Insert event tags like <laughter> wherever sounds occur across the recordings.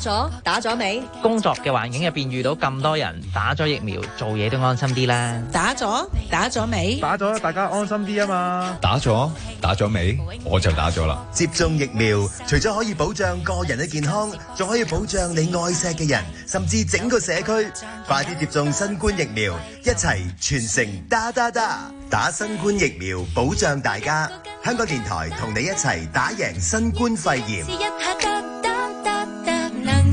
咗打咗未？工作嘅環境入邊遇到咁多人打咗疫苗，做嘢都安心啲啦。打咗打咗未？打咗，大家安心啲啊嘛。打咗打咗未？我就打咗啦。接種疫苗，除咗可以保障個人嘅健康，仲可以保障你愛錫嘅人，甚至整個社區。快啲接種新冠疫苗，一齊全城打打打，打新冠疫苗，保障大家。香港電台同你一齊打贏新冠肺炎。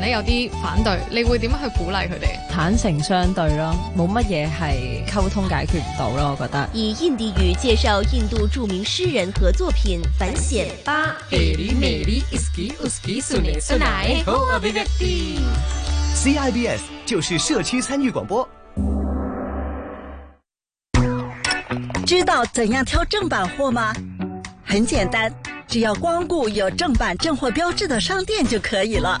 你有啲反對，你會點樣去鼓勵佢哋？坦誠相對咯，冇乜嘢係溝通解決唔到咯，我覺得。以印地語介紹印度著名詩人和作品反顯巴。CIBS 就是社區參與廣播。知道怎樣挑正版貨嗎？很簡單，只要光顧有正版正貨標誌的商店就可以了。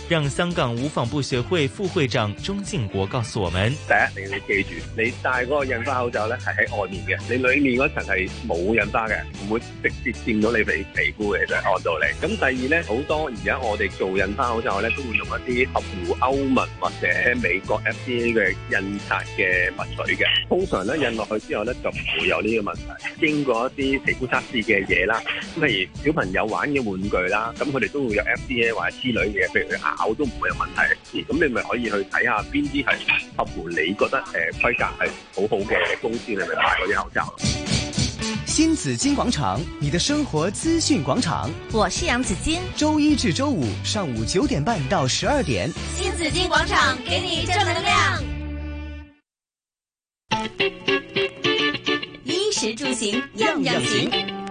讓香港無紡布協會副會長鍾敬國告訴我們：第一，你要記住，你戴嗰個印花口罩咧係喺外面嘅，你裏面嗰層係冇印花嘅，唔會直接濺到你皮皮膚嘅啫，就係，按道理。咁第二咧，好多而家我哋做印花口罩咧，都會用一啲合乎歐盟或者美國 F d A FDA 嘅印刷嘅墨水嘅，通常咧印落去之後咧就唔會有呢個問題。經過一啲皮膚測試嘅嘢啦，咁譬如小朋友玩嘅玩具啦，咁佢哋都會有 FDA 或者之類嘅，譬如我都唔會有問題，咁你咪可以去睇下邊啲係合乎你覺得誒規格係好好嘅公司，你咪買嗰啲口罩咯。新紫荊廣場，你的生活資訊廣場，我是楊子矜。周一至周五上午九點半到十二點，新紫荊廣場給你正能量，衣食住行樣樣行。樣樣行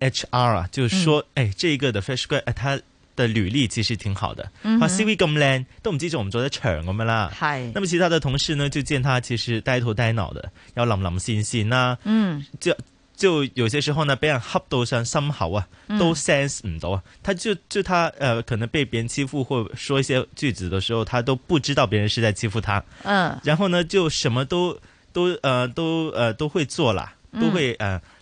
HR 啊，就說，嗯、哎，這一個的 fresh grad，啊哎，他的履歷其實挺好的，啊，CV 咁靚，都唔知做唔做得長咁樣啦。係，那麼其他的同事呢，就見他其實呆頭呆腦的，又冷冷心心啊。嗯，就就有些時候呢，別人恰到上心口啊，都 sense 唔到，他就就他呃，可能被別人欺負或說一些句子的時候，他都不知道別人是在欺負他。嗯，然後呢，就什麼都都呃都呃都會做啦，都會、嗯、呃。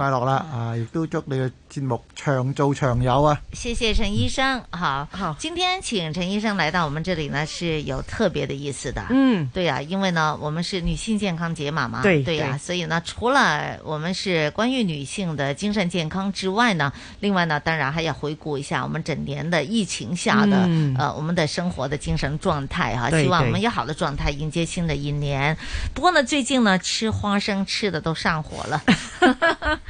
快樂啦！啊，亦都祝你的節目長做長有啊！謝謝陳醫生，好，好，今天請陳醫生來到我們這裡呢，是有特別的意思的。嗯，對啊，因為呢，我們是女性健康解碼嘛，對，對呀、啊，所以呢，除了我們是關於女性的精神健康之外呢，另外呢，當然還要回顧一下我們整年的疫情下的，嗯、呃，我們的生活的精神狀態哈、啊，希望我們有好的狀態迎接新的一年。不過呢，最近呢，吃花生吃的都上火了。 <laughs>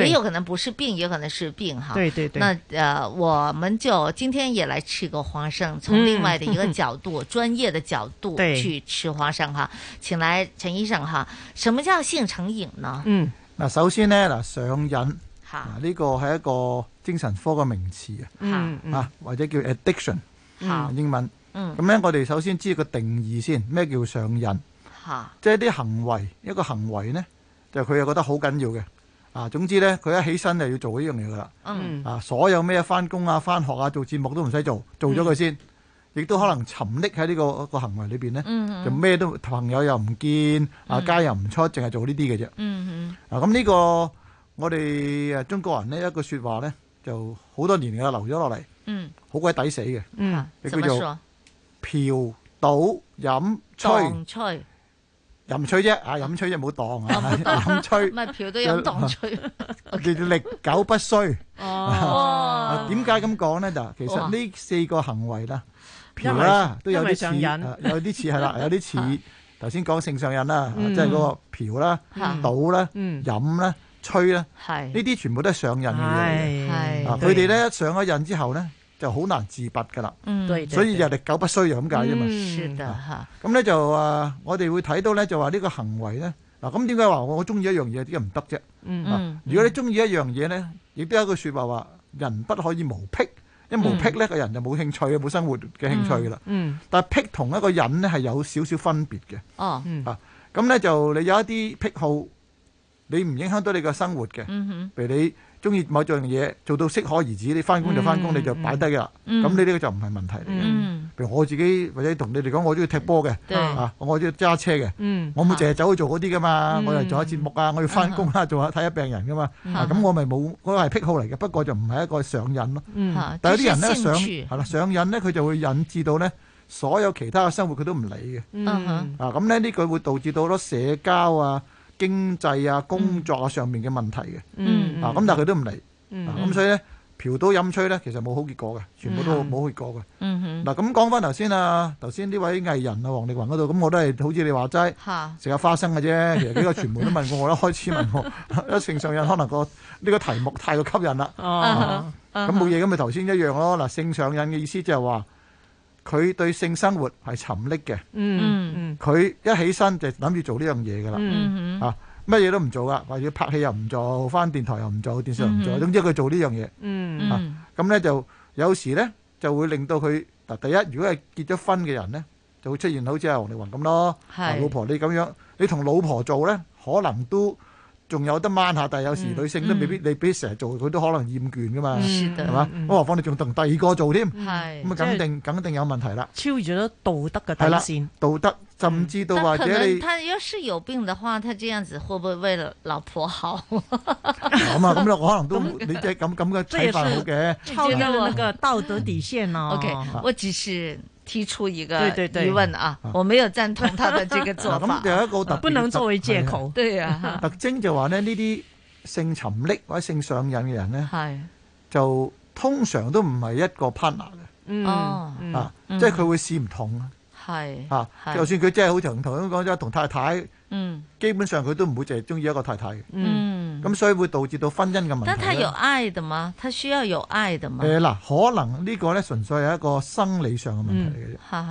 也有可能不是病，也可能是病哈。對對對。那，呃、uh,，我們就今天也來吃個花生，嗯、從另外的一個角度、嗯，專業的角度去吃花生哈。請來陳醫生哈。什麼叫性成癮呢？嗯，嗱，首先呢，嗱上癮，嗱、這、呢個係一個精神科嘅名詞啊。吓、嗯、吓，或者叫 addiction，吓英文。嗯。咁咧，我哋首先知道個定義先，咩叫上癮？吓，即係一啲行為，一個行為呢，就佢、是、又覺得好緊要嘅。啊，總之咧，佢一起身就要做呢樣嘢噶啦。嗯。啊，所有咩翻工啊、翻學啊、做節目都唔使做，做咗佢先。亦、嗯、都可能沉溺喺呢、呢個、呢個行為裏邊咧，就咩都朋友又唔見，嗯、啊街又唔出，淨係做呢啲嘅啫。嗯嗯。啊，咁、呢、呢個我哋啊中國人呢一句説話咧，就好多年嚟啊留咗落嚟。嗯。好鬼抵死嘅。嗯。你叫做？嫖賭飲吹。飲吹啫，啊！飲吹就冇擋啊！飲吹，唔係嫖都有擋吹，叫做歷久不衰。哦，點解咁講咧？就其實呢四個行為啦，嫖啦都有啲似，有啲似係啦，有啲似頭先講性上癮啦、嗯，即係嗰個嫖啦、賭、嗯、啦、嗯、飲啦、吹、嗯、啦，係呢啲全部都係上癮嘅嘢。佢哋咧上咗癮之後咧，就好難自拔噶啦、嗯，所以日歷久不衰、嗯啊、就咁解啫嘛。咁咧就啊，我哋會睇到咧，就話呢個行為咧，嗱咁點解話我中意一樣嘢點解唔得啫？如果你中意一樣嘢咧，亦、嗯、都有一句說話話，人不可以無癖，一無癖咧，個、嗯、人就冇興趣，冇生活嘅興趣噶啦、嗯嗯。但係癖同一個人咧係有少少分別嘅、哦嗯。啊，咁咧就你有一啲癖好，你唔影響到你個生活嘅，譬、嗯、如你。中意某一樣嘢，做到適可而止，你翻工就翻工，你就擺低噶啦。咁呢啲就唔係問題嚟嘅、嗯嗯。譬如我自己或者同你哋講，我中意踢波嘅嚇，我中意揸車嘅、嗯，我冇淨係走去做嗰啲噶嘛。我又做下節目啊，我要翻工啦，做下睇下病人噶嘛。咁、嗯啊啊嗯啊、我咪冇，嗰個係癖好嚟嘅。不過就唔係一個上癮咯。嚇、嗯嗯！但有啲人咧上係啦，上癮咧，佢就會引致到咧，所有其他嘅生活佢都唔理嘅、嗯嗯。啊咁咧，呢個會導致到好多社交啊～經濟啊，工作啊，上面嘅問題嘅，mm-hmm. 啊咁但係佢都唔嚟，咁、mm-hmm. 啊、所以咧嫖都陰吹嫖賭飲吹咧，其實冇好結果嘅，全部都冇結果嘅。嗱咁講翻頭先啊，頭先呢位藝人啊，王力宏嗰度，咁我都係好似你話齋，食下花生嘅啫。其實幾個傳媒都問過我，一 <laughs> 開始問我一 <laughs> <laughs> 性上癮，可能個呢個題目太過吸引啦。咁冇嘢，咁咪頭先一樣咯。嗱、啊，性上癮嘅意思就係話。佢對性生活係沉溺嘅，嗯嗯嗯，佢一起身就諗住做呢樣嘢㗎啦，嗯嗯嗯，啊，乜嘢都唔做啊，或者拍戲又唔做，返電台又唔做，電視又唔做，嗯，總之佢做呢樣嘢，嗯嗯，咁啊咧就有時咧就會令到佢嗱第一，如果係結咗婚嘅人咧，就會出現好似阿王力宏咁咯，係老婆你咁樣，你同老婆做咧，可能都。仲有得掹下，但係有時女性都未必，嗯嗯、你俾成日做佢都可能厭倦噶嘛，係嘛？咁何、嗯、況你仲同第二個做添，咁啊，肯定、就是、肯定有問題啦，超越咗道德嘅底線，道德甚至到或者你。嗯、他要是有病的話，他這樣子會不會為了老婆好？咁 <laughs> 啊，咁咯、啊，我可能都 <laughs> 你即係咁咁嘅睇法好嘅。超咗那個道德底線咯、哦嗯。OK，、啊、我只是。提出一個疑問對對對啊，啊，我沒有贊同他的這個做法。 <laughs> 啊、有一個 <laughs> 特不能作為借口、啊。對啊，對啊 <laughs> 特徵就話呢呢啲性沉溺或者性上癮嘅人咧， <laughs> 就通常都唔係一個 partner 嘅。嗯啊，即係佢會試唔同啊。係、嗯、 <laughs> 啊， <laughs> 就算佢真係好長同咁講咗同太太。嗯，基本上佢都唔會淨係中意一個太太嘅，嗯，咁所以會導致到婚姻嘅問題。但係有愛嘅嗎？佢需要有愛嘅嘛。嗱、呃，可能這個呢個咧純粹係一個生理上嘅問題嚟嘅啫，吓、嗯、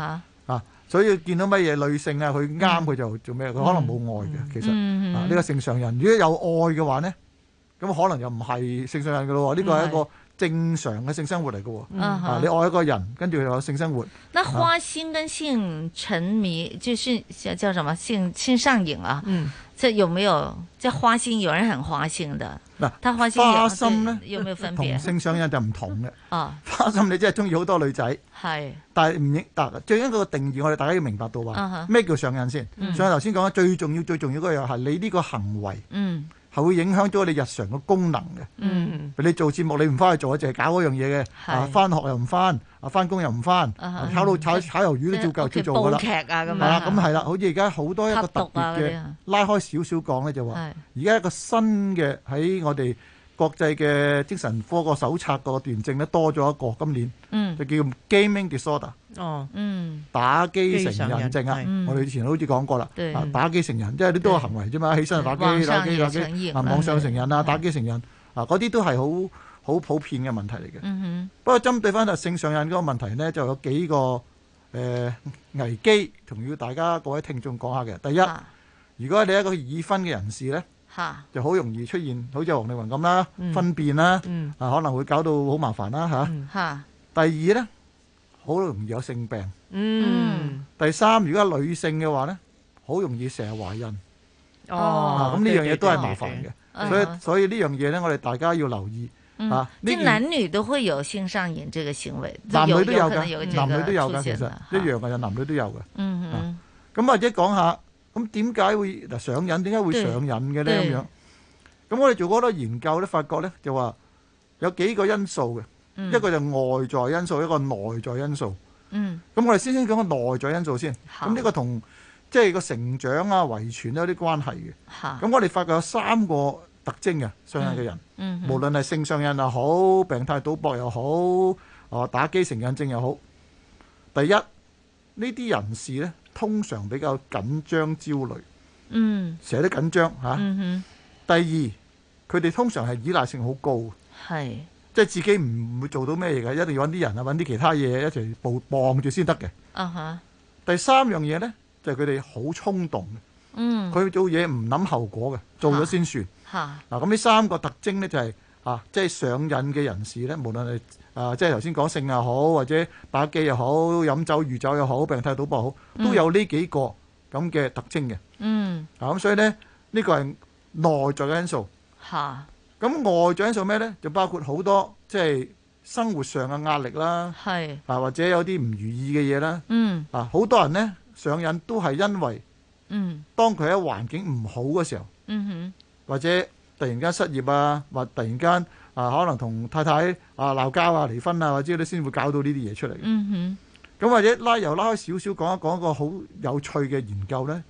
吓，啊，所以見到乜嘢女性啊，佢啱佢就做咩，佢、嗯、可能冇愛嘅，其實呢、嗯嗯啊這個正常人，如果有愛嘅話咧，咁可能又唔係正常人嘅咯，呢、這個係一個。嗯正常嘅性生活嚟嘅喎，你愛一個人，跟住又有性生活。Uh-huh. 啊、那花心跟性沉迷，就算、是、叫什麼性性上癮啊？即、uh-huh. 係有沒有？即係花心，有人很花心的。嗱、uh-huh.，花心有花心呢？有冇有分別？性上癮就唔同嘅。Uh-huh. 花心你真係中意好多女仔。係、uh-huh.，但係唔應，但最緊要個定義，我哋大家要明白到話，咩、uh-huh. 叫上癮先？Uh-huh. 上頭先講嘅最重要、最重要嗰又係你呢個行為。Uh-huh. 嗯。係會影響咗你日常嘅功能嘅。嗯，你做節目你唔翻去做，淨係搞嗰樣嘢嘅。係，翻、啊、學又唔翻，啊翻工又唔翻，炒到炒炒魷魚都照舊出做㗎啦。劇啊咁樣嚇。係、啊、啦，咁係啦，好似而家好多一個特別嘅、啊，拉開少少講咧就話，而家一個新嘅喺我哋。國際嘅精神科個手冊個斷症咧多咗一個今年，就叫 Gaming Disorder，打機成癮症啊！我哋以前好似講過啦，打機成癮、嗯，即係你都係行為啫嘛，起身打機、打機、打機，啊，網上成癮啊，打機成癮啊，嗰啲都係好好普遍嘅問題嚟嘅、嗯。不過針對翻性上癮嗰個問題咧，就有幾個誒、呃、危機，同要大家各位聽眾講下嘅。第一，啊、如果你係一個已婚嘅人士咧。吓，就好容易出現，好似黃麗雲咁啦，分便啦，嗯，啊可能會搞到好麻煩啦吓。吓，啊嗯，第二咧，好容易有性病。嗯。第三，如果係女性嘅話咧，好容易成日懷孕。哦。咁、啊、呢樣嘢都係麻煩嘅，哦。所以、嗯、所以，所以這樣呢樣嘢咧，我哋大家要留意。吓，啊、呢、嗯、男女都會有性上癮這個行為。男女都有，嗯，可能有這個出現一樣嘅，有男女都有嘅，啊啊。嗯咁或者講下。嗯嗯嗯咁點解會嗱上癮？點解會上癮嘅咧？咁、嗯、樣，咁、嗯、我哋做過好多研究咧，發覺咧就話有幾個因素嘅、嗯，一個就外在因素，一個是內在因素。嗯，咁我哋先先講個內在因素先。咁呢、呢個同即係個成長啊、遺傳都有啲關係嘅。咁我哋發覺有三個特徵嘅上癮嘅人、嗯嗯，無論係性上癮又好、病態賭博又好、啊打機成癮症又好。第一，呢啲人士咧，通常比較緊張焦慮，嗯，成日都緊張嚇、啊，嗯哼。第二，佢哋通常係依賴性好高，係即係自己唔會做到咩嘢嘅，一定要搵啲人啊，搵啲其他嘢一齊抱傍住先得嘅。啊哈。第三樣嘢咧，就係佢哋好衝動嘅。嗯，佢做嘢唔諗後果嘅，做咗先算。嚇、啊、嗱，咁、啊、呢、啊、三個特徵咧，就係、是、啊，即係上癮嘅人士咧，無論係。啊、呃，即係頭先講性又好，或者打機又好，飲酒、酗酒又好，病態賭博好，都有呢幾個咁嘅特徵嘅。嗯。咁、啊、所以呢，呢、呢個係內在嘅因素。嚇。咁、啊、外在因素咩呢？就包括好多即係生活上嘅壓力啦。係。啊，或者有啲唔如意嘅嘢啦。嗯。啊，好多人呢，上癮都係因為，嗯。當佢喺環境唔好嘅時候。嗯哼。或者突然間失業啊，或突然間。啊，可能同太太啊鬧交啊、離婚啊，或者你先會搞到呢啲嘢出嚟。嗯哼，咁或者拉又拉開少少，講一講一個好有趣嘅研究咧，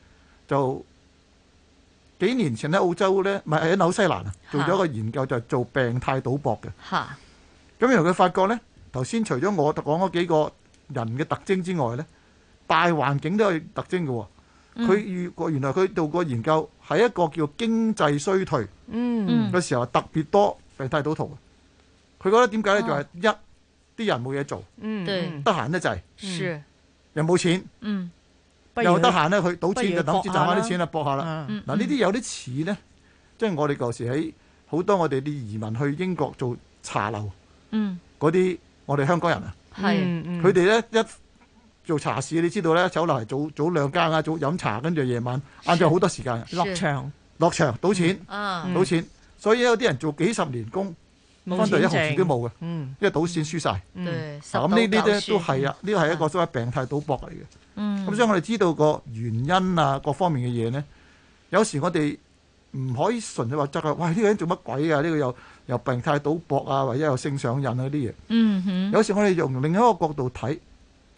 就幾年前喺澳洲咧，唔係喺紐西蘭啊，做咗個研究就係做病態賭博嘅。嚇！咁然後佢發覺咧，頭先除咗我講嗰幾個人嘅特徵之外咧，大環境都有特徵嘅喎。佢遇原來佢做過研究，係一個叫經濟衰退嗯嘅時候特別多。睇賭徒，佢覺得點解咧？就、啊、係一啲人冇嘢做，嗯，得閒得滯，又冇錢，嗯，又得閒咧，去賭錢就等於賺翻啲錢啦，博下啦。嗱、啊，呢、啊、啲、嗯、有啲似咧，即、嗯、係我哋舊時喺好多我哋啲移民去英國做茶樓，嗯，嗰啲我哋香港人啊，係、嗯，佢哋咧一做茶市，你知道咧，酒樓係早早兩更啊，早飲茶，跟住夜晚，晏晝好多時間，落場，落場賭錢、嗯，啊，賭錢。嗯嗯。所以有啲人做幾十年工，分到一毫錢都冇嘅，因為賭錢輸晒。咁呢啲咧都係啊，呢個係一個所謂病態賭博嚟嘅。咁、嗯、所以我哋知道個原因啊，各方面嘅嘢咧，有時我哋唔可以純粹話責佢，喂呢、呢個人做乜鬼啊？呢、呢個又又病態賭博啊，或者又性上癮嗰啲嘢。嗯哼，有時我哋用另一個角度睇，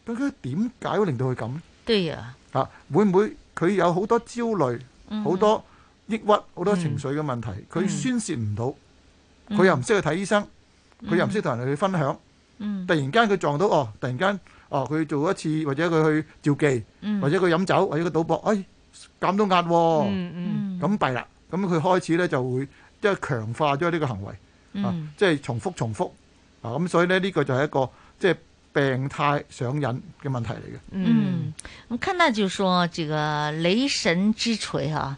究竟點解會令到佢咁？對啊，啊會唔會佢有好多焦慮，好多、嗯？抑鬱，好多情緒嘅問題，佢、嗯、宣洩唔到，佢、嗯、又唔識去睇醫生，佢、嗯、又唔識同人哋去分享。嗯、突然間佢撞到哦，突然間哦，佢做一次或者佢去召妓，或者佢飲酒或者佢賭博，哎，減到壓，咁弊啦。咁、嗯、佢開始咧就會即係強化咗呢個行為，即、嗯、係、啊就是、重複重複。咁、啊、所以咧呢個就係一個即係、就是、病態上癮嘅問題嚟嘅。嗯，咁佢那就說呢、這個雷神之錘吓、啊。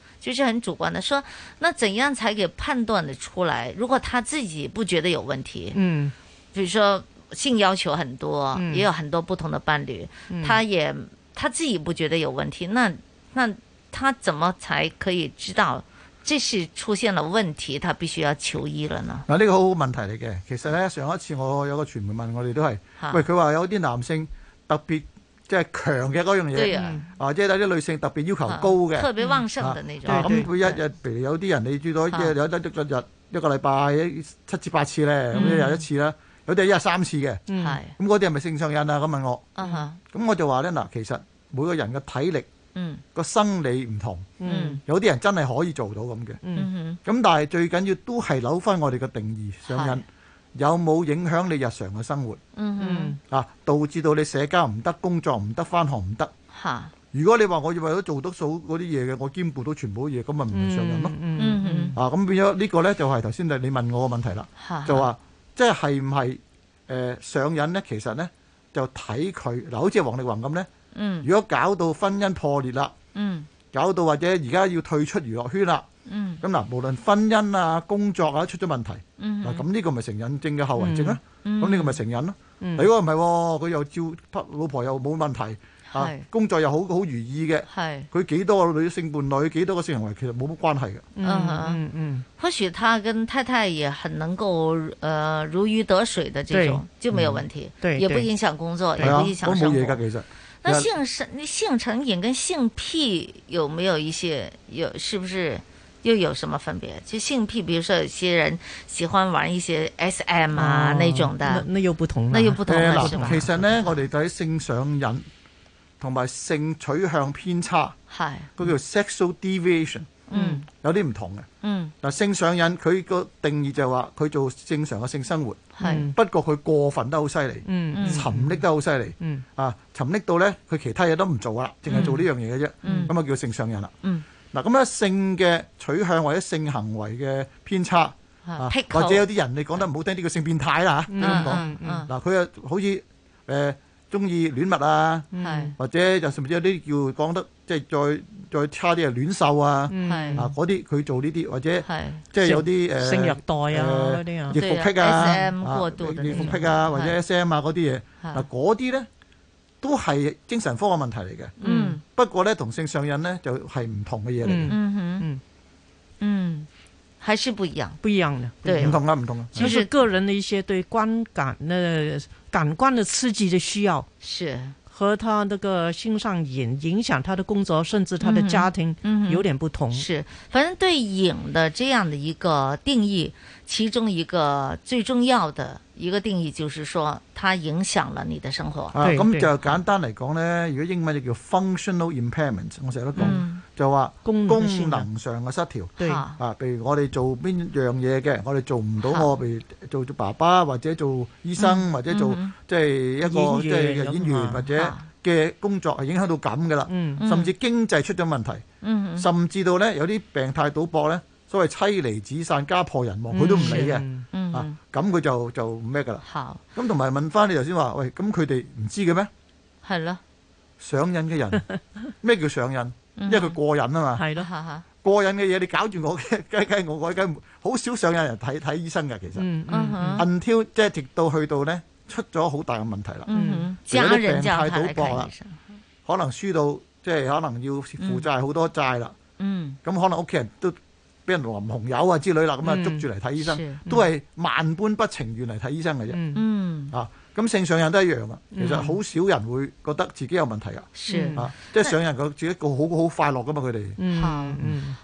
就是很主觀的說，那怎樣才給判斷的出來？如果他自己不覺得有問題，嗯，比如說性要求很多，嗯、也有很多不同的伴侶，嗯、他也他自己不覺得有問題，那那他怎麼才可以知道這是出現了問題？他必須要求醫了呢？那、這、呢個好好問題嚟嘅，其實咧，上一次我有個傳媒問我哋都係，喂，佢話有啲男性特別。即、就、係、是、強嘅嗰樣嘢，啊！即係嗰啲女性特別要求高嘅，特別旺盛嘅嗰種。咁、嗯、佢、啊、一日，譬如有啲人你最多一日，有得一日一個禮拜七至八次咧，咁、嗯、又一,一次啦。有啲一日三次嘅，咁嗰啲係咪性上癮啊？咁問我，咁、嗯、我就話咧嗱，其實每個人嘅體力、個、嗯、生理唔同，嗯、有啲人真係可以做到咁嘅。咁、嗯嗯嗯、但係最緊要都係扭翻我哋嘅定義上癮。嗯有冇影響你日常嘅生活？嗯嗯，啊，導致到你社交唔得，工作唔得，翻學唔得。嚇！如果你話我要為咗做到數嗰啲嘢嘅，我兼顧到全部嘢，咁咪唔係上癮咯？嗯嗯嗯啊，咁變咗呢個咧就係頭先你問我嘅問題啦。嚇！就話即係係唔係誒上癮咧？其實咧就睇佢嗱，好似王力宏咁咧。嗯。如果搞到婚姻破裂啦，嗯，搞到或者而家要退出娛樂圈啦。嗯，咁嗱，無論婚姻啊、工作啊出咗問題，嗱咁呢個咪成癮症嘅後遺症咧、啊？咁、嗯、呢個咪成癮咯、啊？如果唔係，佢、哦、又照老婆又冇問題，係、嗯啊、工作又好好如意嘅，係佢幾多個女性伴侶，幾多個性行為，其實冇乜關係嘅。嗯嗯嗯，或許他跟太太也很能夠，誒、呃、如魚得水嘅，這種就沒有問題，對、嗯，也不影響工作，啊、也不影響生活。冇嘢嘅其實。那性成、就是、性成癮跟性癖有沒有一些有？是不是？又有什麼分別？就性癖，比如說有些人喜歡玩一些 S.M. 啊，啊那種的，那，那又不同，那又不同啦、呃。其實呢我哋睇性上癮同埋性取向偏差，係佢叫 sexual deviation，嗯，有啲唔同嘅。嗯，嗱，性上癮佢個定義就係話佢做正常嘅性生活，係、嗯、不過佢過分得好犀利，嗯嗯，沉溺得好犀利，啊，沉溺到呢佢其他嘢都唔做啦，淨係做呢樣嘢嘅啫，咁、嗯、啊叫性上癮啦。嗯嗯嗱，咁樣性嘅取向或者性行為嘅偏差啊，或者有啲人你講得唔好聽啲叫性變態啦嚇，咁講嗱佢啊好似誒中意戀物啊，或者就甚至有啲叫講得即係、就是、再再差啲係戀獸啊，啊嗰啲佢做呢啲或者即係有啲誒性虐待啊嗰啲啊，虐腹癖啊，啊虐腹癖啊,啊,啊或者 S M 啊嗰啲嘢，嗱嗰啲咧。都係精神科嘅問題嚟嘅，嗯，不過呢，同性上癮呢就係、是、唔同嘅嘢嚟嘅，嗯哼，嗯嗯，還是不一樣，不一樣的，對，唔同啦，唔同啦，就是，是個人的一些對觀感、那感官的刺激的需要，是和他那個性上癮影響他的工作，甚至他的家庭，有點不同，嗯嗯嗯，是，反正對癮的這樣的一個定義，其中一個最重要的。一個定義就是說，它影響了你的生活。咁、啊、就簡單嚟講呢，如果英文就叫 functional impairment，我成日都講，就話功能上嘅失調。啊，譬如我哋做邊樣嘢嘅，我哋做唔到，我、啊、譬如做做爸爸或者做醫生、嗯、或者做即係、嗯就是、一個即係演、就是、演員或者嘅工作係、啊、影響到咁噶啦，甚至經濟出咗問題、嗯嗯，甚至到呢，有啲病態賭博呢。所謂妻離子散家破人亡，佢、嗯、都唔理嘅，嚇咁佢就就咩噶啦。咁同埋問翻你頭先話，喂咁佢哋唔知嘅咩？係咯，上癮嘅人咩 <laughs> 叫上癮？嗯、因為佢過癮啊嘛。係咯，嚇嚇過癮嘅嘢，你搞住我，梗係我我梗好少上癮人睇睇醫生嘅。其實，嗯嗯，挑即係直到去到呢，出咗好大嘅問題啦。嗯，病態賭博啦，可能輸到即係、就是、可能要負債好多債啦。嗯，咁、嗯、可能屋企人都，啲林紅友啊之類啦，咁啊捉住嚟睇醫生，嗯嗯、都係萬般不情願嚟睇醫生嘅啫。嗯啊，咁性上癮都一樣啊，其實好少人會覺得自己有問題啊、嗯。啊，即係、啊、上癮佢自己一個好好快樂噶嘛，佢哋。嗯嗯。嗯。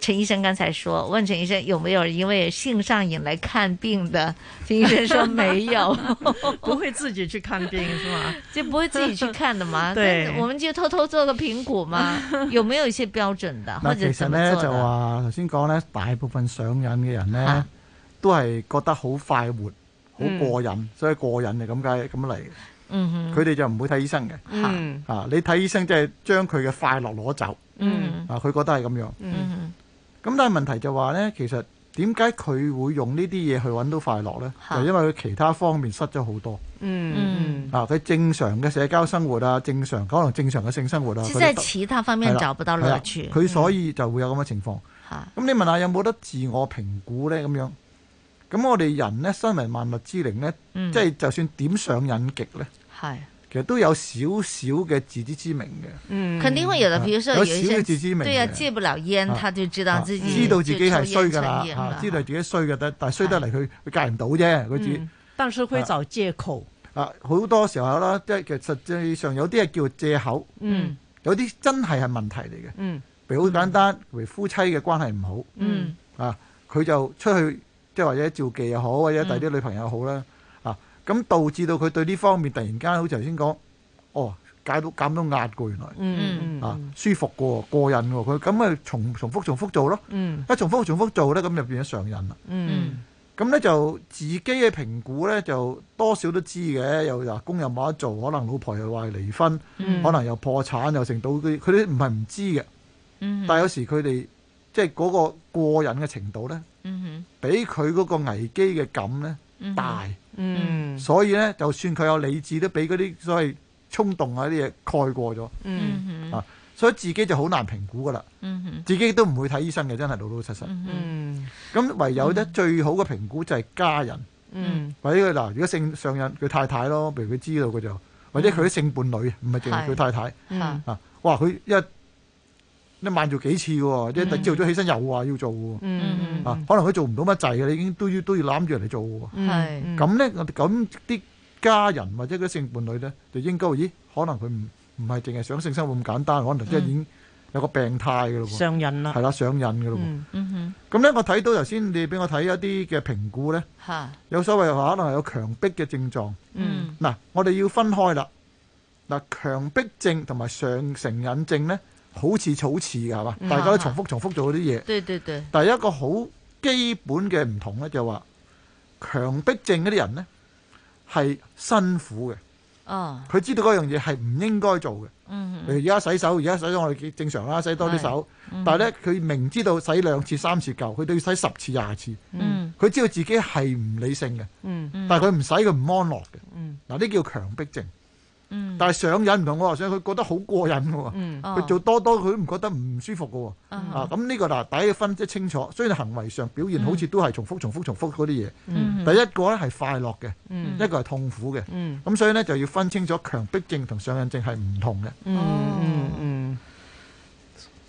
陳醫生剛才說，問陳醫生有沒有因為性上癮來看病的？陳醫生說沒有， <laughs> 不會自己去看病，是嗎？就不會自己去看的嘛？ <laughs> 對，我們就偷偷做個評估嘛，有沒有一些標準的 <laughs> 或者的？其實咧就話，頭先講咧，大部分上癮嘅人咧都係覺得好快活，好過癮，嗯，所以過癮就咁解咁嚟。嗯，佢哋就唔會睇醫生嘅。吓，嗯，啊，你睇醫生即係將佢嘅快樂攞走。嗯，啊，佢覺得係咁樣。嗯，咁但係問題就話咧，其實點解佢會用呢啲嘢去揾到快樂咧？就是、因為佢其他方面失咗好多。嗯，啊，佢正常嘅社交生活啊，正常可能正常嘅性生活啊，即係其他方面找不到樂趣。佢所以就會有咁嘅情況。咁、嗯、你問下有冇得自我評估咧？咁樣，咁我哋人咧，身為萬物之靈咧，即、嗯、係、就是、就算點上癮極咧。係、嗯。其實都有少少嘅自知之明嘅、嗯啊嗯，嗯，肯定會有的。譬如說有少少自知明嘅、啊，戒不了煙，他就知道自己知道自己係衰噶啦，知道自己係衰嘅，但但係衰得嚟佢佢戒唔到啫，佢知。但是會找借口啊，好、啊、多時候啦，即係其實實際上有啲係叫借口，嗯，有啲真係係問題嚟嘅，嗯，譬如好簡單，嗯、為夫妻嘅關係唔好，嗯啊，佢就出去，即係或者召妓又好，或者第啲女朋友好啦。嗯啊咁導致到佢對呢方面突然間，好似頭先講，哦，解到咁多壓過原來、嗯，啊舒服過，過癮喎，佢咁咪重重複重複做咯，嗯、一重複重複做咧，咁就變咗上癮啦。咁、嗯、咧就自己嘅評估咧，就多少都知嘅。又嗱，工又冇得做，可能老婆又話離婚、嗯，可能又破產又成到佢啲唔係唔知嘅、嗯，但係有時佢哋即係嗰個過癮嘅程度咧，俾佢嗰個危機嘅感咧、嗯、大。嗯，所以咧，就算佢有理智，都俾嗰啲所謂衝動啊啲嘢蓋過咗。嗯嗯，啊，所以自己就好難評估㗎喇。嗯嗯，自己都唔會睇醫生嘅，真係老老實實。嗯，咁唯有咧、嗯、最好嘅評估就係家人。嗯，或者佢嗱，如果性上癮，佢太太咯，譬如佢知道佢就，或者佢嘅性伴侶，唔係淨係佢太太。係、嗯、啊，哇，佢因為。你慢咗幾次喎、哦？即係第二朝早起身又話要做喎。嗯嗯啊，可能佢做唔到乜滯嘅，你已經都要都要攬住人嚟做喎。係、嗯。咁咧，咁、嗯、啲家人或者啲性伴侶咧，就應該咦？可能佢唔唔係淨係想性生活咁簡單，可能即係已經有個病態嘅咯。上癮啦。係啦，上癮嘅咯。嗯咁咧、嗯，我睇到頭先你俾我睇一啲嘅評估咧。係。有所謂嘅可能係有強迫嘅症狀。嗯。嗱、啊，我哋要分開啦。嗱，強迫症同埋上成癮症咧。好似草馳嘅係嘛？嗯、大家都重複、嗯、重複、重複做嗰啲嘢。對對對。但係一個好基本嘅唔同咧，就話、是、強迫症嗰啲人咧係辛苦嘅。哦。佢知道嗰樣嘢係唔應該做嘅、嗯。嗯。而家洗手，而家洗手我哋正常啦，洗多啲手。嗯、但係咧，佢明知道洗兩次、三次夠，佢都要洗十次、廿次。嗯。佢知道自己係唔理性嘅。嗯嗯。嗯但係佢唔洗，佢唔安樂嘅。嗱，呢叫強迫症。但係上癮唔同喎，上佢覺得好過癮喎，佢、嗯、做多多佢都唔覺得唔舒服嘅喎、嗯，啊咁呢個嗱，第一分析清楚，雖然行為上表現好似都係重複、重複、重複嗰啲嘢。第、嗯、一個咧係快樂嘅、嗯，一個係痛苦嘅，咁、嗯、所以呢，就要分清楚強迫症同上癮症係唔同嘅。嗯嗯嗯。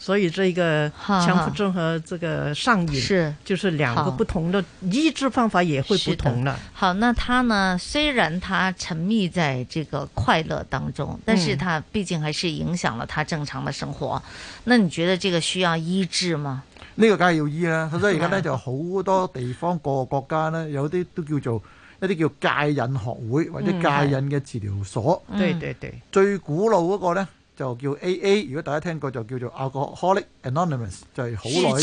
所以這個強迫症和這個上癮是就是兩個不同的醫治方法也會不同的、嗯、好，好，的好，那他呢？雖然他沉迷在這個快樂當中，但是他畢竟還是影響了他正常的生活。嗯、那你覺得這個需要醫治嗎？呢、呢個梗係要醫啦、啊。所以而家呢，就好多地方，各個國家呢，有啲都叫做一啲叫戒癮學會或者戒癮嘅治療所。嗯、對對對。最古老嗰個呢。就叫 AA，如果大家聽過就叫做 Alcoholic Anonymous 就係好耐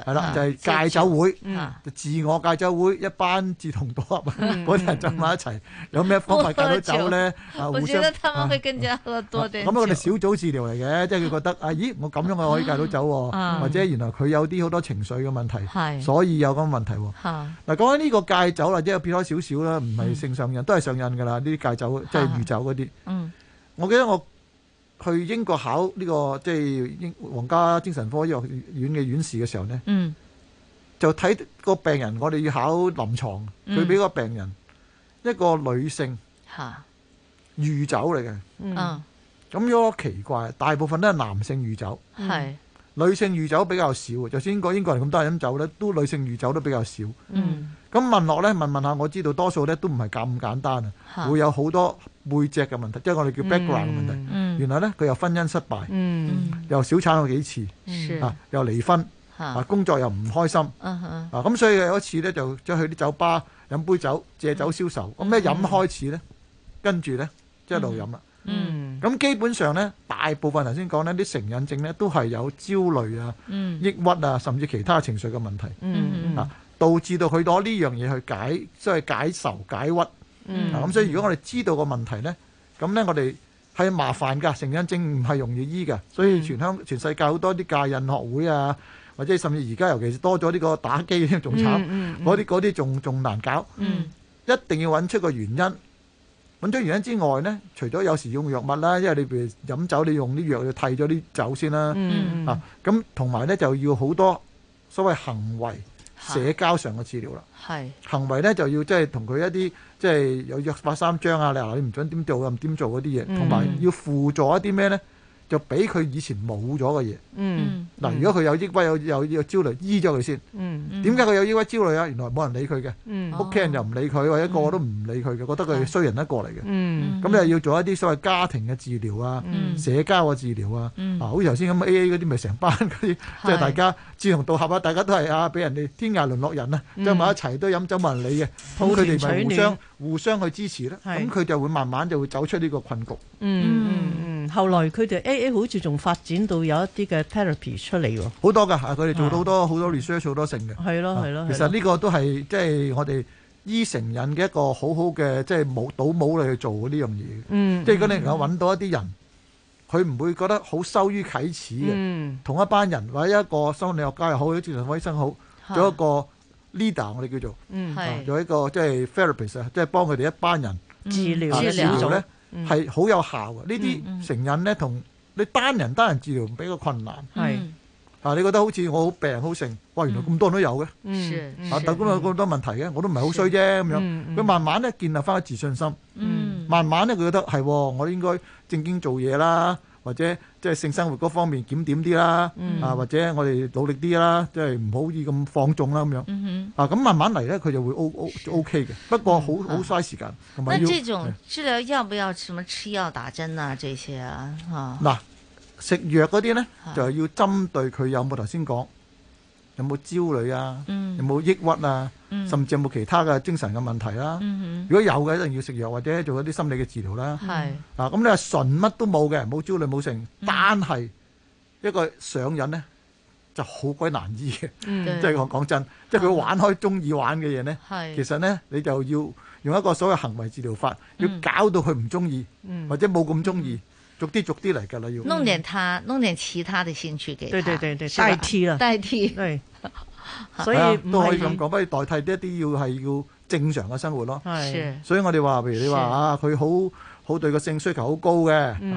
嘅，係啦，就係戒酒會，就自我戒酒會，一班志同道合嘅人聚埋一齊，有咩方法戒到酒咧？啊，互相咁啊！我哋小組治療嚟嘅，即係佢覺得啊，咦，我咁樣我可以戒到酒，或者原來佢有啲好多情緒嘅問題，所以有咁嘅問題喎。嗱，講緊呢個戒酒啦，即係變咗少少啦，唔係性上癮，都係上癮㗎啦。呢啲戒酒即係酗酒嗰啲。嗯，我記得我。去英國考呢、呢個即係英皇家精神科醫學院嘅院士嘅時候呢，嗯、就睇個病人。我哋要考臨床，佢、嗯、俾個病人一個女性，酗酒嚟嘅。咁、嗯、樣、嗯、奇怪，大部分都係男性酗酒、嗯嗯，女性酗酒比較少。就算英國英國人咁多人飲酒呢，都女性酗酒都比較少。咁、嗯、問落呢，問問下，我知道多數呢都唔係咁簡單啊，會有好多。背景嘅問題，即係我哋叫 background 嘅問題。原來咧，佢又婚姻失敗，又小產過幾次，啊，又離婚，啊，工作又唔開心，啊，咁所以有一次咧，就將去啲酒吧飲杯酒，借酒消愁。咁咩飲開始咧，跟住咧，即係一路飲啦。咁基本上咧，大部分頭先講咧，啲成癮症咧，都係有焦慮啊、抑鬱啊，甚至其他情緒嘅問題，啊，導致到佢攞呢樣嘢去解，即係解愁解鬱。嗯，咁、啊、所以如果我哋知道個問題呢，咁呢我哋係麻煩㗎，成癮症唔係容易醫嘅，所以全香全世界好多啲戒癮學會啊，或者甚至而家尤其是多咗啲個打機添仲慘，嗰啲嗰啲仲仲難搞，一定要揾出個原因，揾出原因之外呢，除咗有時用藥物啦，因為你譬如飲酒，你用啲藥要替咗啲酒先啦、啊嗯，啊咁同埋呢就要好多所謂行為。社交上嘅治療啦、啊，行為咧就要即係同佢一啲即係有約法三章啊！你話，你唔准點做唔點做嗰啲嘢，同、嗯、埋要輔助一啲咩咧？就俾佢以前冇咗嘅嘢。嗯。嗱，如果佢有抑鬱有有有焦慮，醫咗佢先。嗯，點解佢有抑鬱焦慮啊？原來冇人理佢嘅。屋、嗯、企人又唔理佢，或者個個都唔理佢嘅、嗯，覺得佢衰人一個嚟嘅。咁你又要做一啲所謂家庭嘅治療啊，嗯、社交嘅治療啊。嗯嗯、啊好似頭先咁 A A 嗰啲咪成班嗰啲，即、嗯、係 <laughs> 大家志同道合啊，大家都係啊，俾人哋天涯淪落人啦、啊，喺、嗯、埋一齊都飲酒冇人理嘅，咪佢哋互相互相去支持咧、啊。咁佢就會慢慢就會走出呢個困局。嗯嗯後來佢哋好似仲發展到有一啲嘅 therapy 出嚟喎，好多噶，佢哋做到好多好、啊、多 research 好多成嘅。係咯，係咯、啊。其實呢個都係即係我哋醫成人嘅一個很好好嘅，即係冇倒帽嚟去做呢啲樣嘢。嗯，即係嗰陣時我揾到一啲人，佢、嗯、唔會覺得好羞於啟齒嘅、嗯。同一班人或者一個心理學家又好，精神科醫生好，做一個 leader 我哋叫做，嗯，啊、有一個即係 therapy，i s 即係幫佢哋一班人治療、啊、治療。治療咧係好有效嘅。呢、嗯、啲成人咧同你單人單人治療比較困難，係嚇是、啊、你覺得好似我好病好剩，哇原來咁多人都有嘅，嚇但係有咁多問題嘅，我都唔係好衰啫咁樣，佢、嗯、慢慢咧建立翻個自信心，嗯、慢慢咧佢覺得係、嗯哦、我應該正經做嘢啦。或者即係性生活嗰方面檢點啲啦，啊或者我哋努力啲啦，即係唔好以咁放縱啦咁樣。啊咁慢慢嚟咧，佢就會 O O 就 O K 嘅。不過好好嘥時間。咁呢種治療要不要什麼吃藥、打針啊這些啊？嗱，食藥嗰啲咧就係要針對佢有冇，頭先講，有冇焦慮啊，有冇抑鬱啊？甚至有冇其他嘅精神嘅問題啦？嗯、如果有嘅，一定要食藥或者做一啲心理嘅治療啦。係、嗯、啊，咁你話純乜都冇嘅，冇焦慮冇成，單係一個上癮咧，就好鬼難醫嘅。即係我講真，即係佢玩開中意玩嘅嘢咧，其實咧你就要用一個所謂行為治療法，嗯、要搞到佢唔中意，或者冇咁中意，逐啲逐啲嚟㗎啦。要弄點他，弄點其他的興趣給他，對對對對代替、代替了，代替。對。所以是是、啊、都可以咁講，不如代替一啲要係要正常嘅生活咯。係，所以我哋話，譬如你話啊，佢好。好對個性需求好高嘅嚇，咁、嗯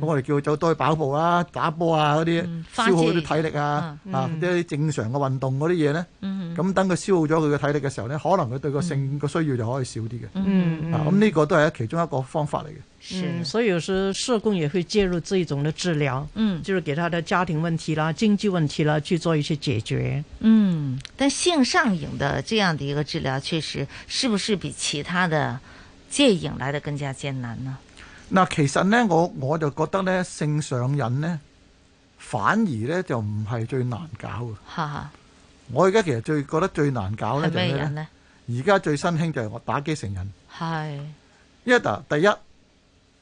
啊、我哋叫佢走多去跑步啊、打波啊嗰啲，嗯，消耗啲體力啊，嗯、啊即係啲、嗯啊、正常嘅運動嗰啲嘢咧，咁、嗯、等佢消耗咗佢嘅體力嘅時候咧，可能佢對個性個需要就可以少啲嘅、嗯嗯。啊，咁呢個都係其中一個方法嚟嘅。所以，有時社工也會介入這種嘅治療，嗯，就是給他的家庭問題啦、經濟問題啦去做一些解決。嗯，但性上癮的這樣的一個治療，確實是不是比其他的？即係迎來得更加艱難啦。嗱，其實咧，我我就覺得咧，性上癮咧，反而咧就唔係最難搞嘅。吓！ <laughs> 我而家其實最覺得最難搞咧就係咩人咧？而家最新興就係我打機成癮。係 <laughs> 。因為第一，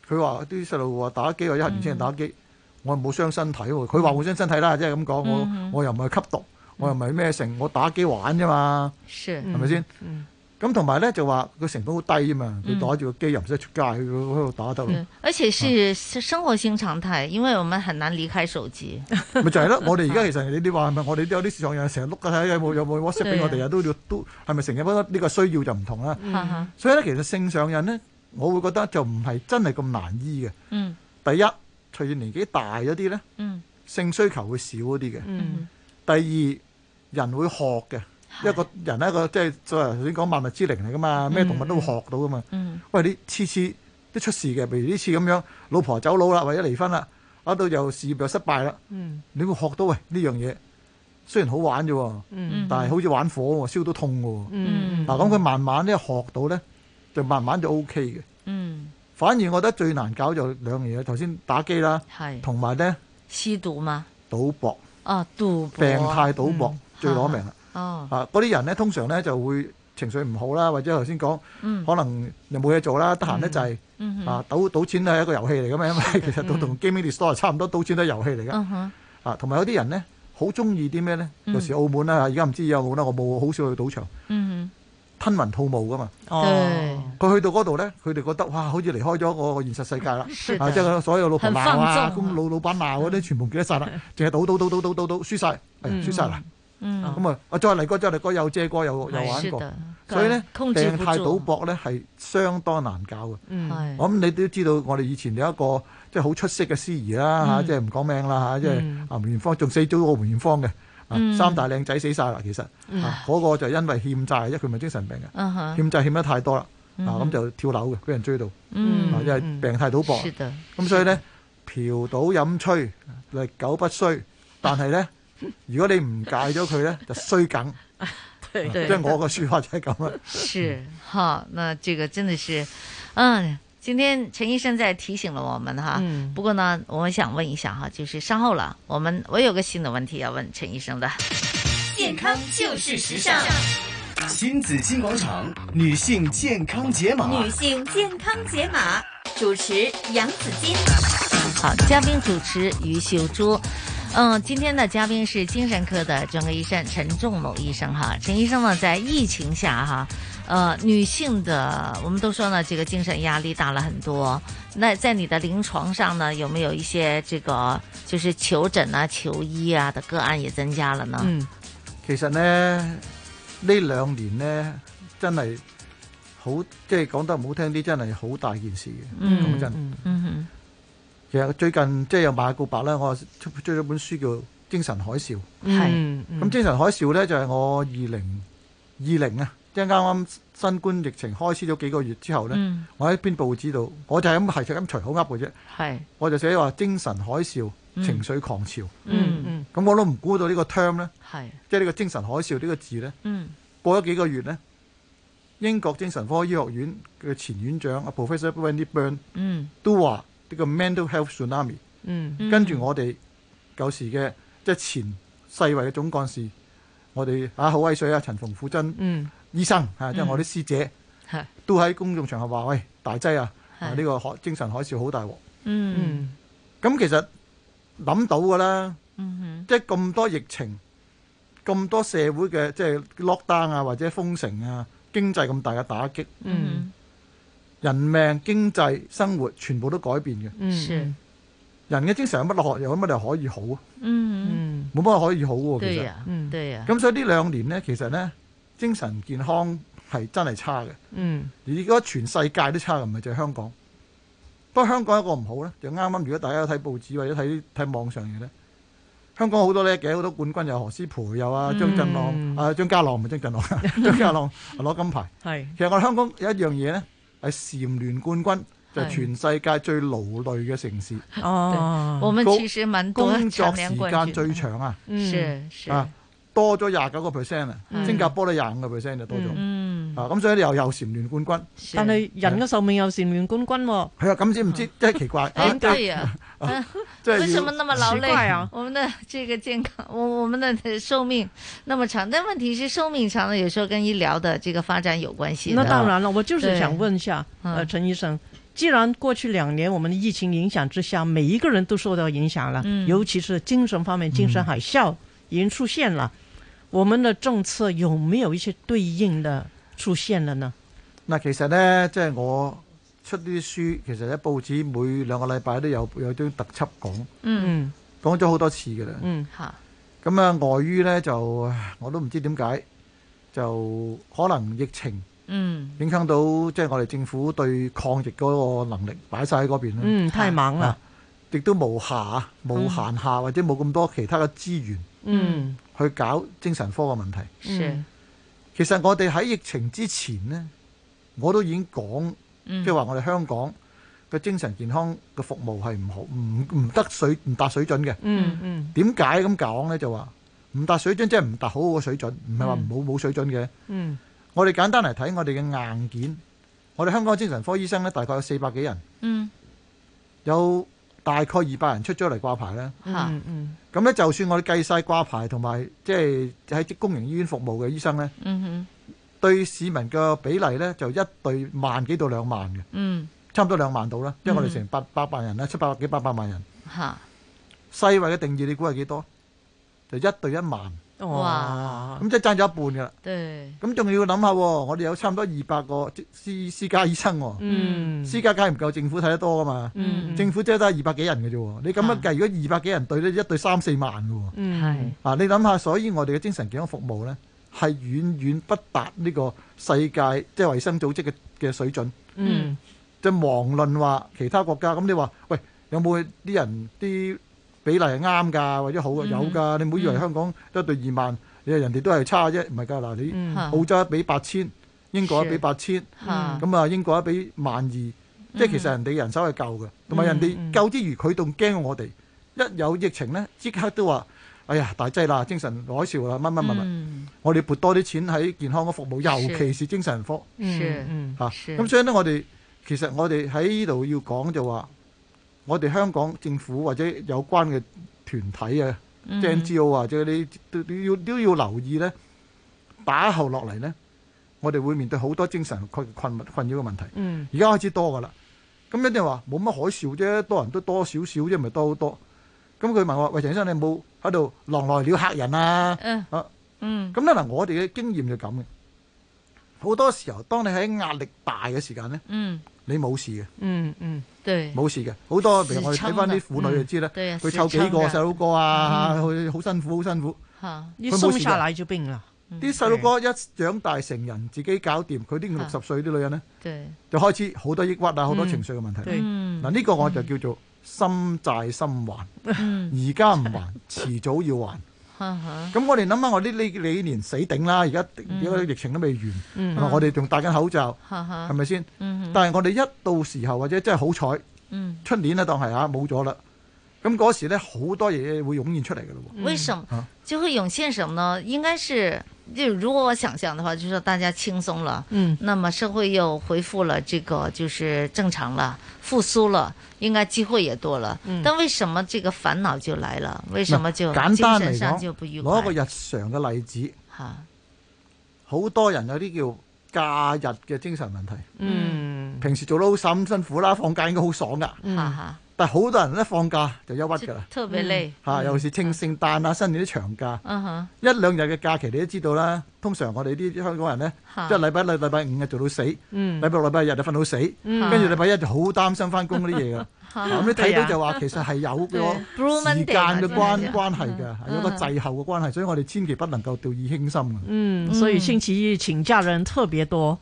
佢話啲細路話打機、嗯，或者年輕人打機，我又冇傷身體喎。佢話會傷身體啦，即係咁講，我我又唔係吸毒，我又唔係咩成，我打機玩啫嘛。是。係咪先？嗯。嗯咁同埋咧就話個成本好低啊嘛，佢帶住個機又唔使出街，喺度打得。而且是生活性常態，因為我們很難離開手機。咪 <laughs> <laughs> 就係咯，我哋而家其實你你話係咪我哋都有啲性上癮，成日碌下睇有冇有冇 WhatsApp 俾我哋啊？都都係咪成日覺得呢個需要就唔同啦。 <laughs> 所以咧，其實性上癮咧，我會覺得就唔係真係咁難醫嘅。 <laughs> 嗯。第一，隨住年紀大咗啲咧，嗯，性需求會少咗啲嘅。嗯。第二，人會學嘅。一個人咧個即係，所謂，頭先講萬物之靈嚟噶嘛，咩動物都會學到噶嘛。喂，你次次都出事嘅，譬如呢次咁樣，老婆走佬啦，或者離婚啦，搞到又事業又失敗啦。你會學到喂呢樣嘢，雖然好玩啫，但係好似玩火，燒到痛噶。嗱，咁佢慢慢咧學到咧，就慢慢就 OK 嘅。反而我覺得最難搞就兩樣嘢，頭先打機啦，同埋咧嗜賭嘛，賭博。哦，賭病態賭博最攞命啦。啊，嗰啲人咧通常咧就會情緒唔好啦，或者頭先講，可能又冇嘢做啦，得閒得滯，啊，賭賭錢係一個遊戲嚟嘅嘛，因為其實都同 game store 差唔多，賭錢都係遊戲嚟噶，啊，同埋有啲人咧好中意啲咩咧？有時澳門啦，而家唔知有冇啦，我冇，好少去賭場，吞雲吐霧噶嘛，佢去到嗰度咧，佢哋覺得哇，好似離開咗個現實世界啦，即係所有老婆鬧老老闆鬧嗰啲全部記得晒啦，淨係賭賭賭賭賭賭賭，輸曬，輸曬啦。咁、嗯、啊，我、嗯、再嚟過，再嚟過又借過，又又玩過，所以咧，病態賭博咧係相當難搞嘅。嗯，咁你都知道，我哋以前有一個即係好出色嘅司儀啦，嚇、嗯，即係唔講名啦，嚇、就是，即、嗯、係啊梅艷芳，仲死咗個梅艷芳嘅。嗯。三大靚仔死晒啦，其實嚇，嗰、啊嗯那個就因為欠債，一佢唔係精神病嘅、啊。欠債欠得太多啦，啊咁、嗯啊、就跳樓嘅，俾人追到、嗯啊。因為病態賭博。咁、嗯嗯、所以咧，嫖賭飲吹歷久不衰，但係咧。 <laughs> 如果你唔戒咗佢呢，就衰梗，即 <laughs> 係、啊、我個說法就係咁啦。 <laughs> 是哈，那這個真的是，嗯，今天陳醫生再提醒了我們哈。嗯、不過呢，我想問一下哈，就是稍後啦，我們我有個新的問題要問陳醫生的。健康就是時尚，新紫荊廣場女性健康解碼，女性健康解碼主持楊子矜，好，嘉賓主持余秀珠。嗯，今天的嘉賓是精神科的專科醫生陳仲謀醫生哈。陳醫生呢，在疫情下哈，呃，女性的我們都說呢，這個精神壓力大了很多。那在你的臨床上呢，有沒有一些這個就是求診啊、求醫啊的個案也增加了呢？嗯，其實呢，呢兩年呢，真係好，即係講得唔好聽啲，真係好大件事嘅。講真，嗯嗯。嗯其實最近即係賣個告白咧，我出咗本書叫《精神海嘯》。係、嗯、咁，嗯《精神海嘯呢》咧就係、是、我二零二零咧，即係啱啱新冠疫情開始咗幾個月之後咧、嗯，我喺篇報紙度，我就係咁係就咁隨口噏嘅啫。係我就寫話精神海嘯、嗯、情緒狂潮。嗯嗯，咁我都唔估到呢個 term 咧，係即係呢個精神海嘯呢個字咧。嗯，過咗幾個月咧，英國精神科醫學院嘅前院長 Professor Wendy Burn 嗯、嗯都話。呢、這個 mental health tsunami，嗯嗯、跟住我哋舊時嘅即係前世衛嘅總幹事，我哋啊好威水啊陳馮富珍醫生嚇、嗯，即係我啲師姐，都喺公眾場合話：喂大劑啊！呢、啊這個海精神海嘯好大鑊。嗯，咁、嗯、其實諗到㗎啦，即係咁多疫情、咁、嗯、多社會嘅即係 lockdown 啊，或者封城啊，經濟咁大嘅打擊。嗯嗯人命、經濟、生活，全部都改變嘅、嗯。人嘅精神有乜嘢學，有乜嘢可，嗯嗯、可以好啊？冇乜可以好喎，其實。咁所以呢兩年呢，其實咧，精神健康係真係差嘅。如、嗯、果全世界都差嘅，唔係就係香港。不過香港一個唔好呢，就啱啱如果大家睇報紙或者睇睇網上嘅呢，香港好多叻嘅，好多冠軍又何詩蓓，又啊張振朗、嗯。啊張家朗咪張振朗，張家朗攞 <laughs> <laughs> 金牌。其實我哋香港有一樣嘢呢。係蟬聯冠軍，就係、是、全世界最勞累嘅城市。哦，我們其實滿多工作時間最長啊，是是，啊，多咗廿九個 percent 啊，新加坡都廿五個 percent 就多咗。嗯嗯啊！咁、嗯啊嗯、所以你又又蟬聯冠軍，但係人嘅壽命又蟬聯冠軍喎。係啊，咁先唔知真係奇怪。點、嗯、解啊？為什麼那麼勞累奇怪啊！我們的這個健康，我我們的壽命那麼長，但問問題是壽命長呢，有時候跟醫療的這個發展有關係，那當然了，了我就是想問一下，陳、呃、陳醫生，既然過去兩年我們的疫情影響之下，每一個人都受到影響了，嗯、尤其是精神方面，精神海嘯已經出現了，嗯、我們的政策有沒有一些對應的？出現了呢？嗱，其實咧，即、就、係、是、我出啲書，其實喺報紙每兩個禮拜都有有啲特輯講，嗯，講咗好多次嘅啦，嗯吓，咁、嗯、啊，礙於呢，就、呃呃呃、我都唔知點解，就可能疫情影響到，嗯，影響到即係我哋政府對抗疫嗰個能力擺晒喺嗰邊啦，嗯，太猛啦，亦、呃、都無下冇限下、嗯、或者冇咁多其他嘅資源，嗯，去搞精神科嘅問題，嗯其實我哋喺疫情之前呢，我都已經講，即係話我哋香港嘅精神健康嘅服務係唔好，唔唔得水，唔達水準嘅。點解咁講呢？就話唔達水準，即係唔達好好嘅水準，唔係話冇冇水準嘅、嗯嗯。我哋簡單嚟睇我哋嘅硬件，我哋香港精神科醫生呢，大概有四百幾人、嗯，有大概二百人出咗嚟掛牌啦。嗯嗯。咁咧，就算我哋計晒掛牌同埋即係喺職公營醫院服務嘅醫生咧、嗯，對市民嘅比例咧就一對萬幾到兩萬嘅、嗯，差唔多兩萬到啦，因、嗯、為我哋成八百萬人啦，七百幾八百,百萬人，世衛嘅定義你估係幾多？就一對一萬。哇！咁即係爭咗一半㗎啦。咁仲要諗下，我哋有差唔多二百個私私家醫生喎。嗯。私家梗係唔夠政府睇得多㗎嘛。嗯。政府即係得二百幾人嘅啫喎。你咁樣計，啊，如果二百幾人對呢一對三四萬㗎喎。嗯。啊！你諗下，所以我哋嘅精神健康服務呢，係遠遠不達呢個世界即係衞生組織嘅嘅水準。嗯。就妄論話其他國家，咁你話，喂，有冇啲人啲？比例係啱㗎，或者好啊，有㗎、嗯。你唔好以為香港一對二萬，誒、嗯、人哋都係差啫，唔係㗎。嗱、嗯，你澳洲一比八千，英國一比八千，咁啊、嗯、英國一比一萬二，嗯嗯、即係其實人哋人手係夠嘅，同埋人哋夠之餘，佢仲驚我哋一有疫情呢，即刻都話：哎呀大劑啦，精神海嘯啦，乜乜乜乜。我哋撥多啲錢喺健康嘅服務，尤其是精神科。是，嚇、嗯。咁、啊嗯、所以呢，我哋其實我哋喺呢度要講就話。我哋香港政府或者有關嘅團體啊，即 NGO 啊，或者你都要都要留意咧，打後落嚟咧，我哋會面對好多精神困困困擾嘅問題。而家開始多噶啦，咁一定話冇乜海嘯啫，多人都多少少啫，咪多好多。咁佢問我：喂，陳生，你冇喺度狼來了嚇人啊？啊，嗯，咁咧嗱，我哋嘅經驗就咁嘅。好多時候，當你喺壓力大嘅時間咧，你冇事嘅，冇事嘅。好多譬如我哋睇翻啲婦女就知啦，佢湊幾個細佬哥啊，佢好辛苦，好辛苦。嚇，佢冇曬奶咗冰啦。啲細佬哥一長大成人，自己搞掂。佢啲六十歲啲女人咧，就開始好多抑鬱啊，好多情緒嘅問題。嗱，呢個我就叫做心債心還。而家唔還，遲早要還。咁 <noise> 我哋諗下我呢，呢幾年死頂啦，而家而家疫情都未完，係、嗯、嘛。我哋仲戴緊口罩，係咪先？但係我哋一到時候或者真係好彩，出年咧當係啊冇咗啦。咁嗰時咧好多嘢會湧現出嚟噶咯。為什麼？啊，就會湧現什麼呢？應該是。就如果我想象的話，就說大家輕鬆了，嗯、那麼社會又恢復了，這個就是正常了，復蘇了，應該機會也多了、嗯。但為什麼這個煩惱就來了？為什麼就精神上就不愉快？簡單來講，攞一個日常嘅例子，吓，好多人有啲叫假日嘅精神問題。嗯，平時做得好辛苦啦，放假應該好爽噶。嗯嗯。但係好多人一放假就憂鬱㗎啦，特別累嚇、嗯啊，尤其是清聖誕啊、新年啲長假，嗯嗯、一兩日嘅假期你都知道啦。通常我哋啲香港人咧，即係禮拜一、禮拜五啊做到死，禮、嗯、拜六、禮拜日就瞓到死，跟住禮拜一就好擔心翻工啲嘢㗎。咁、嗯嗯嗯嗯嗯、你睇到就話其實係有個時間嘅關關係㗎、嗯，有個滯後嘅關係，所以我哋千祈不能夠掉以輕心啊、嗯。嗯，所以因此請假人特別多。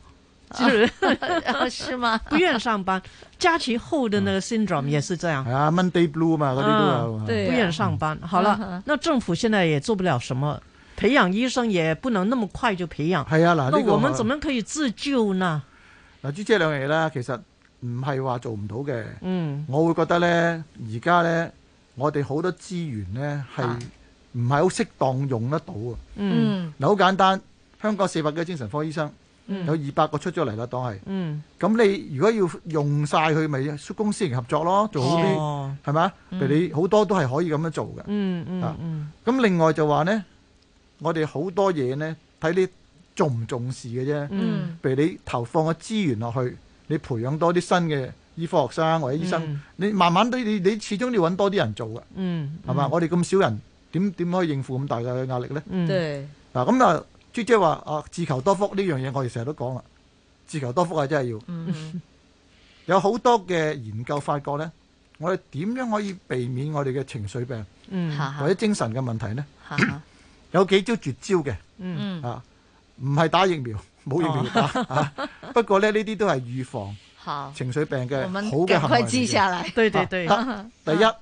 <laughs> <laughs> 是，係嘛？不願上班，假期後的那個 syndrome 也是這樣。係、嗯嗯、啊，Monday Blue 嘛，嗰啲都有。嗯、對、啊，不願上班、嗯。好了，那政府現在也做不了什麼，培養醫生也不能那麼快就培養。係啊，嗱、啊，那我們怎麼可以自救呢？嗱、啊，即、這個啊、珠姐兩樣嘢啦，其實唔係話做唔到嘅。嗯。我會覺得咧，而家咧，我哋好多資源咧係唔係好適當用得到的啊？嗯。嗱、嗯，好簡單，香港四百個精神科醫生。有二百個出咗嚟啦，當係。嗯。咁你如果要用曬佢，咪公私營合作咯，做好啲，係咪啊？譬如你好多都係可以咁樣做嘅。嗯嗯。啊嗯。咁另外就話咧，我哋好多嘢咧睇你重唔重視嘅啫。嗯。譬如你投放個資源落去，你培養多啲新嘅醫科學生或者醫生，你慢慢都你你始終要揾多啲人做嘅。嗯。係嘛？我哋咁少人，點點可以應付咁大嘅壓力咧？嗯。對。嗱咁啊。即即係話啊，自求多福呢樣嘢，我哋成日都講啦，自求多福啊，真係要。嗯、有好多嘅研究發覺呢，我哋點樣可以避免我哋嘅情緒病、嗯哈哈，或者精神嘅問題呢哈哈？ <coughs> 有幾招絕招嘅。嗯啊，唔、嗯、係打疫苗，冇疫苗打、哦啊 <laughs> 啊、不過呢，呢啲都係預防情緒病嘅好嘅行為的。咁快知晒啦，對對對。啊啊、第一、啊、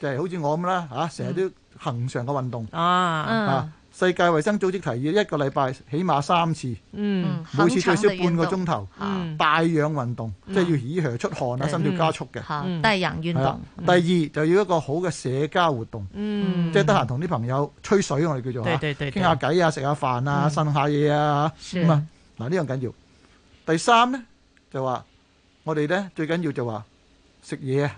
就係、是、好似我咁啦，吓成日都恒常嘅運動。啊嗯。啊啊啊世界衞生組織提議一個禮拜起碼三次、嗯，每次最少半個鐘頭、嗯嗯、帶氧運動，嗯、即係要以血出汗啊，心、嗯、跳加速嘅。帶氧運動、嗯。第二就要一個好嘅社交活動，嗯、即係得閒同啲朋友吹水，嗯、我哋叫做傾下偈啊，食下、啊、飯啊，呻、嗯、下嘢啊嚇。咁啊，嗱呢、嗯、樣緊要。第三呢，就話我哋咧最緊要就話食嘢，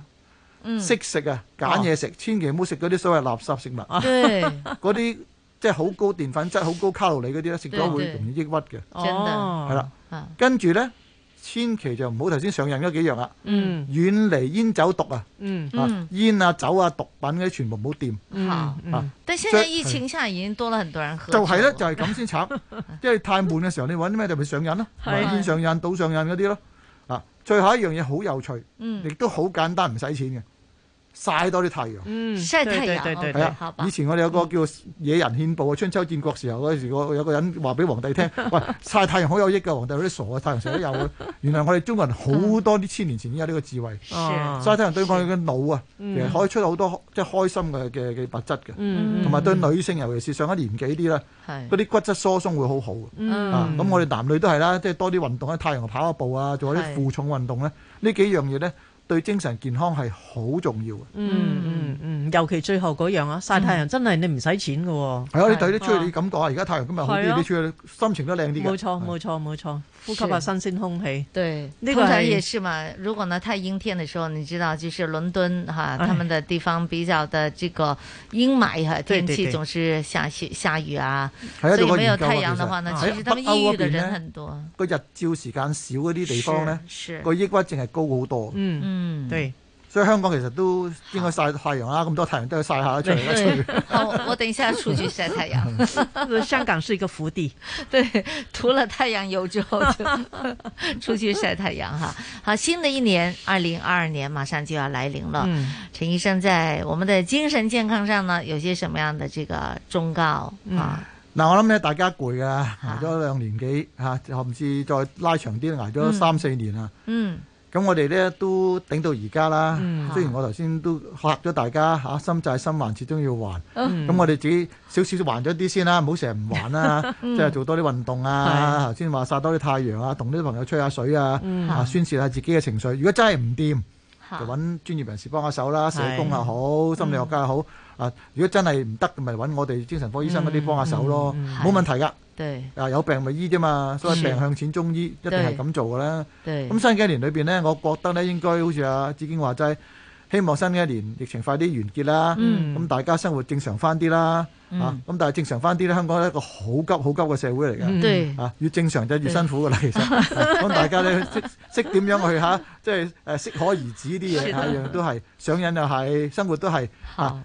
識食啊，揀、嗯、嘢食，哦、千祈唔好食嗰啲所謂垃圾食物，嗰、嗯、啲。啊 <laughs> 即係好高澱粉質、好高卡路里嗰啲咧，食咗會容易抑鬱嘅。哦，係啦。跟住咧，千祈就唔好頭先上癮嗰幾樣啦。嗯，遠離煙酒毒啊。嗯，煙啊、酒啊、毒品嗰啲全部唔好掂。但係現在疫情下已經多了很多人喝。就係啦，就係咁先慘。因為太悶嘅時候，你揾啲咩就咪上癮咯。係。煙上癮、賭上癮嗰啲咯。啊，最後一樣嘢好有趣，亦都好簡單，唔使錢嘅。曬多啲太陽，曬太陽係以前我哋有個叫野人獻曝啊，春秋戰國時候嗰陣時，有個人話俾皇帝聽， <laughs> 喂，曬太陽好有益噶！皇帝嗰啲傻啊，太陽成日都有。原來我哋中國人好多啲千年前已經有呢個智慧。曬、嗯啊、太陽對我哋嘅腦啊，其實可以出到好多即係開心嘅嘅嘅物質嘅，同、嗯、埋對女性尤其是上一年紀啲咧，嗰啲骨質疏鬆會好好。咁、嗯啊、我哋男女都係啦，即係多啲運動喺太陽下跑下步啊，做啲負重運動咧，呢幾樣嘢咧，對精神健康係好重要嘅。嗯嗯嗯，尤其最後嗰樣啊，曬太陽、嗯、真係你唔使錢㗎喎。係啊，你帶得出去，你感覺啊。而家太陽今日好啲，你出去心情都靚啲。冇錯冇錯冇錯，呼吸下、啊、新鮮空氣。對，呢、這個係。也是嘛，如果呢太陰天嘅時候，你知道就是倫敦嚇、啊哎，他們的地方比較的這個陰霾天氣總是下雪下雨啊。係一個陰。沒有太陽的話呢，其實北歐嗰邊呢個日照時間少嗰啲地方呢，個抑鬱症係高好多。嗯。嗯，對，所以香港其實都應該曬太陽啦、啊，咁多太陽都要曬下出嚟我我等一下出去曬太陽， <laughs> 香港是一個福地。 <laughs> 對，塗了太陽油之後就出去曬太陽哈。 <laughs> 好，新的一年二零二二年馬上就要來臨了。陳、嗯、醫生在我們的精神健康上呢，有些什麼樣的這個忠告、嗯、啊？嗱，我諗呢，大家攰啊，挨咗兩年幾，吓甚至再拉長啲，挨咗三四年啦。嗯。咁我哋呢都頂到而家啦。雖然我頭先都嚇咗大家嚇，心債心還，始終要還。咁我哋自己少少還咗啲先啦，唔好成日唔還啦。即係做多啲運動啊，頭先話曬多啲太陽啊，同啲朋友吹下水啊，宣泄下自己嘅情緒。如果真係唔掂，就搵專業人士幫下手啦，社工又好，心理學家又好。啊！如果真係唔得，咪搵我哋精神科醫生嗰啲幫下手咯，冇、嗯嗯、問題噶。啊，有病咪醫啫嘛，所謂病向淺中醫、嗯、一定係咁做噶啦。咁、啊、新嘅一年裏邊呢，我覺得呢應該好似阿子矜話齋，希望新嘅一年疫情快啲完結啦。咁、嗯啊、大家生活正常翻啲啦。咁、嗯啊、但係正常翻啲呢，香港係一個好急好急嘅社會嚟嘅、嗯。啊，越正常就越辛苦噶啦。其實，咁、嗯、大家呢、 <laughs> 啊就是、識識點樣去吓，即係誒適可而止啲嘢，樣樣都係上癮又係，生活都係啊。